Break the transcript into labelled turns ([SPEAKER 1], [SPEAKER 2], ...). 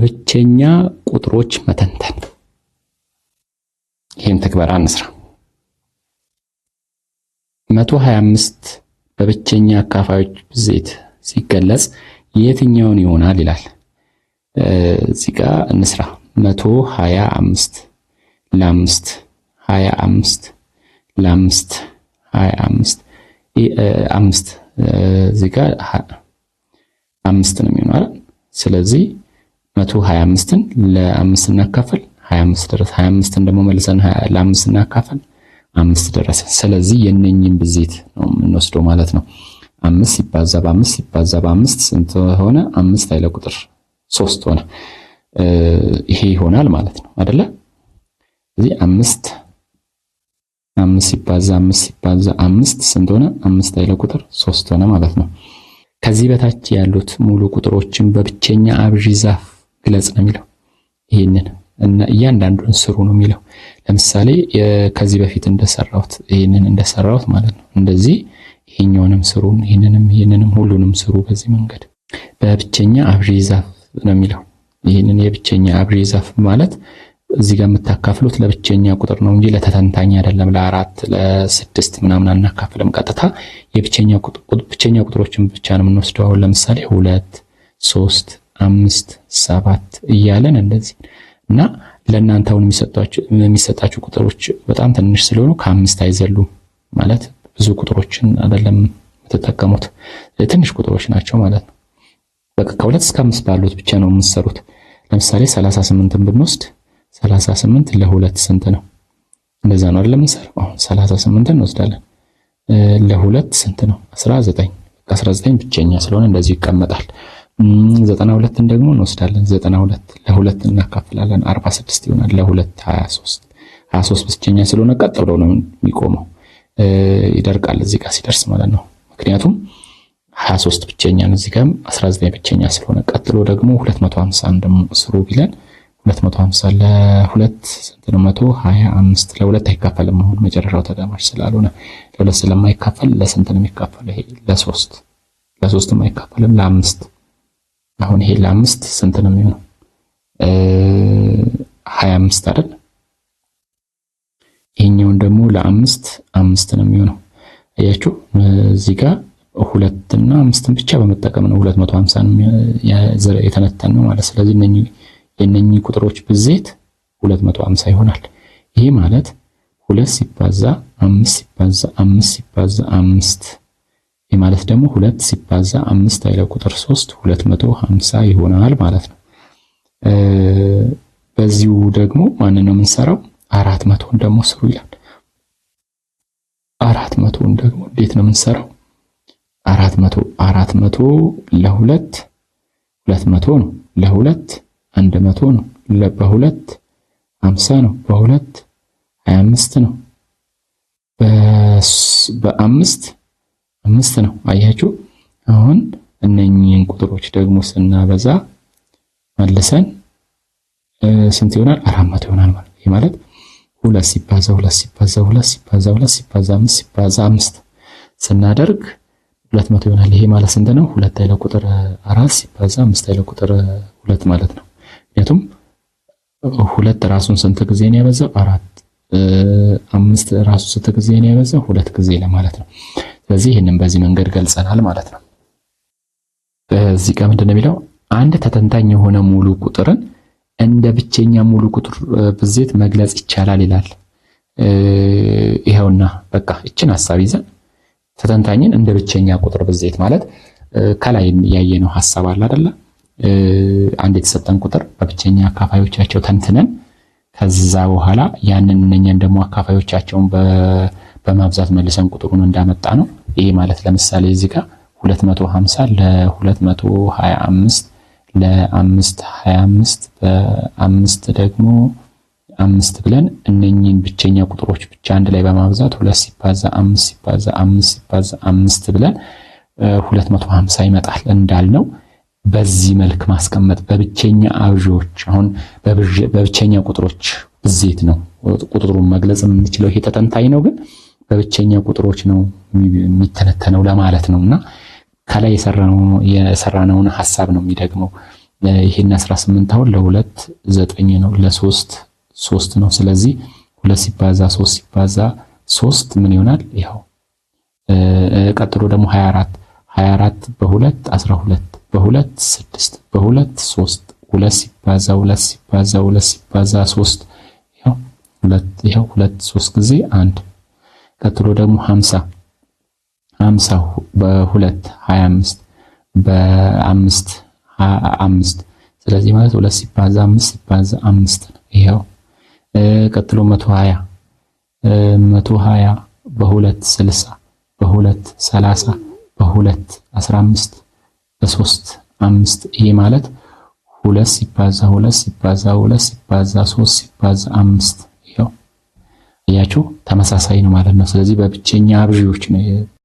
[SPEAKER 1] በብቸኛ ቁጥሮች መተንተን። ይህን ተግባር አንስራ። 125 በብቸኛ አካፋዮች ብዜት ሲገለጽ የትኛውን ይሆናል ይላል። እዚህ ጋር እንስራ። 125 ለአምስት 25 ለአምስት 25 አምስት እዚህ ጋር አምስት ነው የሚሆነው አይደል? ስለዚህ መቶ ሀያ አምስትን ለአምስት እናካፈል ሀያ አምስት ደረሰ። ሀያ አምስትን ደግሞ መልሰን ለአምስት እናካፈል አምስት ደረሰ። ስለዚህ የነኝን ብዜት ነው የምንወስደው ማለት ነው። አምስት ሲባዛ በአምስት ሲባዛ በአምስት ስንት ሆነ? አምስት አይለ ቁጥር ሶስት ሆነ። ይሄ ይሆናል ማለት ነው አይደለ? ስለዚህ አምስት አምስት ሲባዛ አምስት ሲባዛ አምስት ስንት ሆነ? አምስት አይለ ቁጥር ሶስት ሆነ ማለት ነው። ከዚህ በታች ያሉት ሙሉ ቁጥሮችን በብቸኛ አብዢ ዛፍ ግለጽ ነው የሚለው ይሄንን እና እያንዳንዱን ስሩ ነው የሚለው። ለምሳሌ ከዚህ በፊት እንደሰራሁት ይሄንን እንደሰራሁት ማለት ነው። እንደዚህ ይሄኛውንም ስሩን፣ ይሄንንም፣ ይሄንንም ሁሉንም ስሩ በዚህ መንገድ። በብቸኛ አብሪ ዛፍ ነው የሚለው ይሄንን የብቸኛ አብሪ ዛፍ ማለት እዚህ ጋር የምታካፍሉት ለብቸኛ ቁጥር ነው እንጂ ለተተንታኝ አይደለም። ለአራት ለስድስት ምናምን አናካፍልም። ቀጥታ የብቸኛ ቁጥሮችን ብቻ ነው የምንወስደው። አሁን ለምሳሌ ሁለት ሶስት አምስት ሰባት እያለን እንደዚህ እና ለእናንተ የሚሰጣችሁ ቁጥሮች በጣም ትንሽ ስለሆኑ ከአምስት አይዘሉ ማለት ብዙ ቁጥሮችን አይደለም የምትጠቀሙት ትንሽ ቁጥሮች ናቸው ማለት ነው። በቃ ከሁለት እስከ አምስት ባሉት ብቻ ነው የምትሰሩት። ለምሳሌ 38ን ብንወስድ 38 ለሁለት ስንት ነው? እንደዛ ነው አይደለም የምንሰራው። አሁን 38 እንወስዳለን ለሁለት ስንት ነው? 19 19 ብቸኛ ስለሆነ እንደዚህ ይቀመጣል። ዘጠና ሁለትን ደግሞ እንወስዳለን። ዘጠና ሁለት ለሁለት እናካፍላለን አርባ ስድስት ይሆናል። ለሁለት ሀያ ሶስት ሀያ ሶስት ብቸኛ ስለሆነ ቀጥ ብሎ ነው የሚቆመው። ይደርቃል እዚህ ጋር ሲደርስ ማለት ነው። ምክንያቱም ሀያ ሶስት ብቸኛ ነው። እዚህ ጋርም አስራ ዘጠኝ ብቸኛ ስለሆነ ቀጥሎ ደግሞ ሁለት መቶ ሀምሳን ደግሞ ስሩ ቢለን ሁለት መቶ ሀምሳ ለሁለት ስንት ነው? መቶ ሀያ አምስት ለሁለት አይካፈልም። አሁን መጨረሻው ተጋማሽ ስላልሆነ ለሁለት ስለማይካፈል ለስንት ነው የሚካፈለው? ይሄ ለሶስት ለሶስትም አይካፈልም ለአምስት አሁን ይሄ ለአምስት ስንት ነው የሚሆነው? ሀያ አምስት አይደል? ይሄኛውን ደግሞ ለአምስት አምስት ነው የሚሆነው። አያችሁ እዚህ ጋር ሁለት እና አምስትን ብቻ በመጠቀም ነው ሁለት መቶ ሀምሳ የተነተን ነው ማለት። ስለዚህ የእነኚህ ቁጥሮች ብዜት ሁለት መቶ ሀምሳ ይሆናል። ይሄ ማለት ሁለት ሲባዛ አምስት ሲባዛ አምስት ሲባዛ አምስት ይህ ማለት ደግሞ ሁለት ሲባዛ አምስት ኃይለ ቁጥር ሶስት ሁለት መቶ ሀምሳ ይሆናል ማለት ነው። በዚሁ ደግሞ ማንን ነው የምንሰራው? አራት መቶን ደግሞ ስሩ ይላል። አራት መቶን ደግሞ እንዴት ነው የምንሰራው? አራት መቶ አራት መቶ ለሁለት ሁለት መቶ ነው። ለሁለት አንድ መቶ ነው። በሁለት ሀምሳ ነው። በሁለት ሀያ አምስት ነው። በአምስት አምስት ነው። አያችሁ አሁን እነኚህን ቁጥሮች ደግሞ ስናበዛ መልሰን ስንት ይሆናል? አራት መቶ ይሆናል ማለት ይሄ ማለት ሁለት ሲባዛ ሁለት ሲባዛ ሁለት ሲባዛ ሁለት ሲባዛ አምስት ሲባዛ አምስት ስናደርግ ሁለት መቶ ይሆናል። ይሄ ማለት ስንት ነው? ሁለት ኃይለ ቁጥር አራት ሲባዛ አምስት ኃይለ ቁጥር ሁለት ማለት ነው። ምክንያቱም ሁለት ራሱን ስንት ጊዜ ነው ያበዛው? አራት። አምስት ራሱ ስንት ጊዜ ነው ያበዛው? ሁለት ጊዜ ለማለት ነው። ስለዚህ ይህንን በዚህ መንገድ ገልጸናል ማለት ነው። እዚህ ጋር ምንድን ነው የሚለው አንድ ተተንታኝ የሆነ ሙሉ ቁጥርን እንደ ብቸኛ ሙሉ ቁጥር ብዜት መግለጽ ይቻላል ይላል። ይኸውና በቃ እችን ሐሳብ ይዘን ተተንታኝን እንደ ብቸኛ ቁጥር ብዜት ማለት ከላይ ያየነው ሐሳብ አለ አይደለ? አንድ የተሰጠን ቁጥር በብቸኛ አካፋዮቻቸው ተንትነን ከዛ በኋላ ያንን እነኛን ደግሞ አካፋዮቻቸውን በ በማብዛት መልሰን ቁጥሩን እንዳመጣ ነው። ይሄ ማለት ለምሳሌ እዚህ ጋር 250 ለ225 ለ525 በ5 ደግሞ አምስት ብለን እነኚህን ብቸኛ ቁጥሮች ብቻ አንድ ላይ በማብዛት ሁለት ሲባዛ አምስት ሲባዛ አምስት ሲባዛ አምስት ብለን 250 ይመጣል እንዳልነው በዚህ መልክ ማስቀመጥ በብቸኛ አብዦች አሁን በብቸኛ ቁጥሮች ብዜት ነው ቁጥሩን መግለጽ የምንችለው። ይሄ ተተንታኝ ነው ግን በብቸኛ ቁጥሮች ነው የሚተነተነው ለማለት ነው እና ከላይ የሰራነውን ሀሳብ ነው የሚደግመው። ይሄን 18 አሁን ለሁለት ዘጠኝ ነው፣ ለሶስት ሶስት ነው። ስለዚህ ሁለት ሲባዛ ሶስት ሲባዛ ሶስት ምን ይሆናል? ይኸው ቀጥሎ ደግሞ 24 24 በሁለት 12 በሁለት ስድስት በሁለት ሶስት ሁለት ሲባዛ ሁለት ሲባዛ ሁለት ሲባዛ ሶስት ይኸው ሁለት ሶስት ጊዜ አንድ ቀጥሎ ደግሞ 50 50 በሁለት 25 በ 5 ስለዚህ ማለት ሁለት ሲባዛ 5 ሲባዛ 5 ነው ይሄው። ቀጥሎ 120 120 በሁለት 60 በሁለት 30 በ2 15 በሶስት 5 ይሄ ማለት ሁለት ሲባዛ 2 ሲባዛ 2 ሲባዛ 3 ሲባዛ 5 ያቸው ተመሳሳይ ነው ማለት ነው። ስለዚህ በብቸኛ አብዢዎች ነው